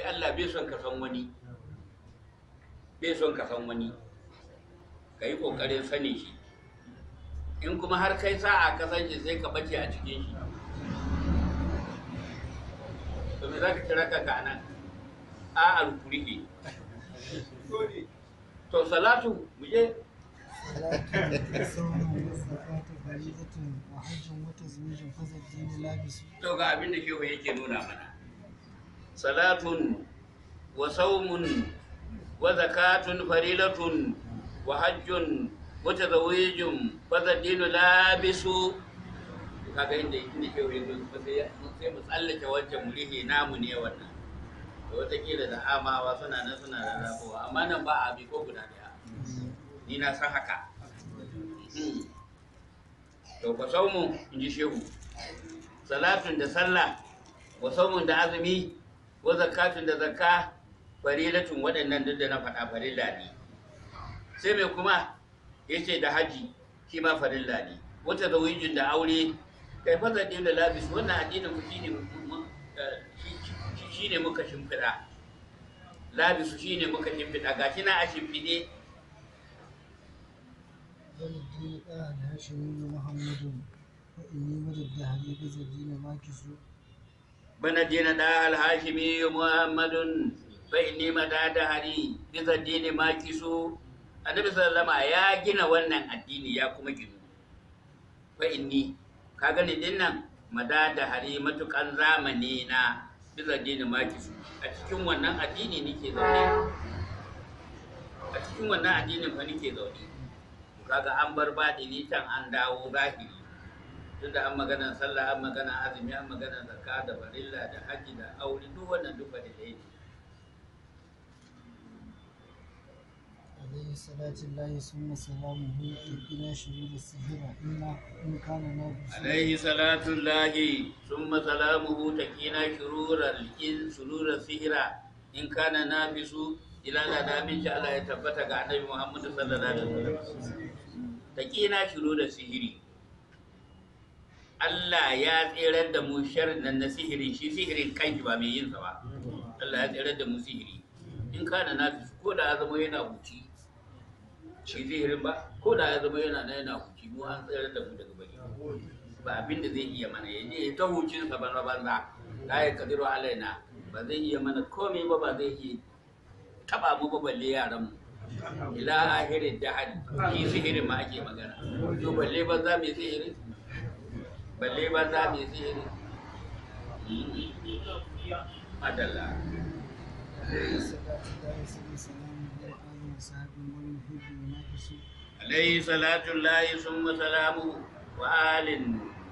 ya Allah bai son ka san wani bai son ka san wani ka yi ƙoƙarin sani shi in kuma har kai sa'a ka san shi sai ka bace a cikin shi to me za ka kira ka a nan a alkuri'i to salatu mu je to ga abin da shehu yake nuna mana salatun wa saumun wa zakatun farilatun wa hajjun wa tazawijun fa zadinu labisu kaga inda inda ke ba sai sai mu tsallake wancan murihi namu ne wannan da kila da amawa suna nan suna rarrabuwa amma nan ba abi ko guda daya ni na san haka to ba saumu in ji shehu salatun da sallah wa saumun da azumi wa zakatun da zakka farilatun waɗannan duk da na faɗa farilla ne sai mai kuma yace da haji shi ma farilla ne wata wujin da aure kai fa ɗin da labis wannan addinin mu shine eh, shine muka shimfiɗa labisu shine muka shimfiɗa gashi na a shimfiɗe ko in yi محمد وإني مدد ذهبي maki su. بن الدين دا الهاشمي محمد فإني مدى دهري بذا الدين ما كسو النبي صلى الله عليه وسلم يا جنا ونن الدين يا كما جنو فإني كاغني دينن mada da hari matukan zamani na bisa dini makisu a cikin wannan addini nike zaune a cikin wannan addinin fa nike zaune kaga an bar baɗini can an dawo zahiri tunda an magana sallah an magana azumi an magana zakka da barilla da haji da aure duk wannan duk fadilai ne عليه صلاة الله ثم سلامه إلى شرور السهرة إلا إن كان نابس عليه صلاة الله ثم سلامه تكينا شرور الإن شرور السهرة إن كان نابس إلى غدا من شاء الله يتبتك عن النبي محمد صلى الله عليه وسلم تكينا شرور السهري Allah ya tsirar da mu sharrin nan na sihiri shi sihirin kanki ba mai yin sa ba Allah ya tsirar da mu sihiri in ka na ko da ya zama yana huci shi sihirin ba ko da ya zama yana na yana huci mu an tsirar da mu daga bari ba abinda zai iya mana ya je ta hucin sa banza banza la ya kadiru alaina ba zai iya mana komai ba ba zai iya taba mu ba balle yaran mu ila ahirin hadi shi sihirin ma ake magana to balle ba za mu yi sihirin balle banza mai sihiri adalla عليه صلاة الله ثم سلامه وآل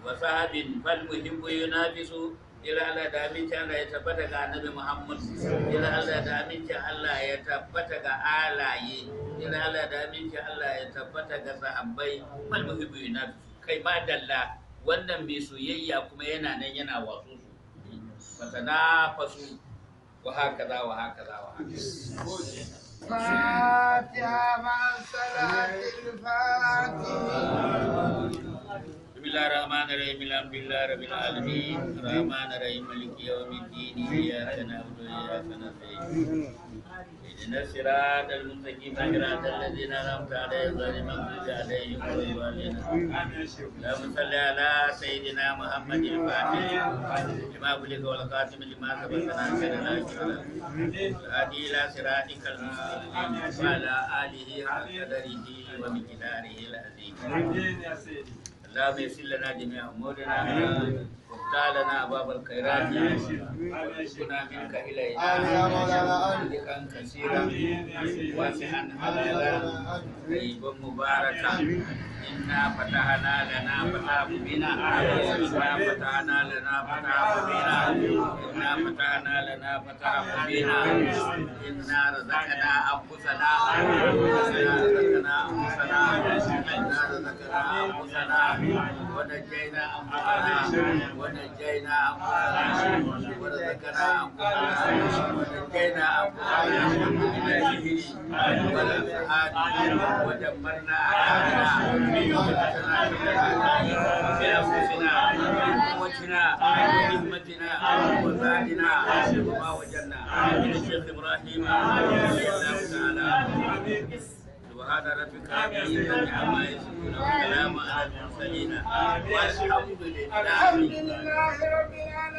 وصحب فالمهم ينافس إلى الله دامين كان لا يتبتك عن نبي محمد إلى الله دامين كان لا يتبتك آلائي إلى الله دامين كان لا يتبتك صحبي فالمهم ينافس كيما دلّا wannan mai soyayya kuma yana nan yana watsu su mata na fasu wa haka za wa haka za wa haka الرحيم الحمد لله رب العالمين الرحمن الرحيم مالك يوم الدين إياك نعبد وإياك نستعين اهدنا الصراط المستقيم صراط الذين أنعمت عليهم غير المغضوب عليهم ولا الضالين اللهم صل على سيدنا محمد الفاتح لما بلغ والقاسم لما سبق ناصر الأشرار الهادي إلى صراطك المستقيم وعلى آله حق قدره ومقداره العظيم Allah mai sila na jami'a mori na ta da na babal kaira ne kuna min ka ilai da kan kasira wasu hannala ibon mubaraka inna fata da na fata bubina a na fata hana da na fata bubina inna fata hana da na fata bubina inna razaka na abu sana'a inna razaka na ونجينا أنفسنا ونجينا أنفسنا وذكرنا أنفسنا ونجينا أنفسنا من الجهل والفساد ودمرنا أعداءنا وأتنا بالله hada rafika amin ya ma yi suna wa alama alhamdulillah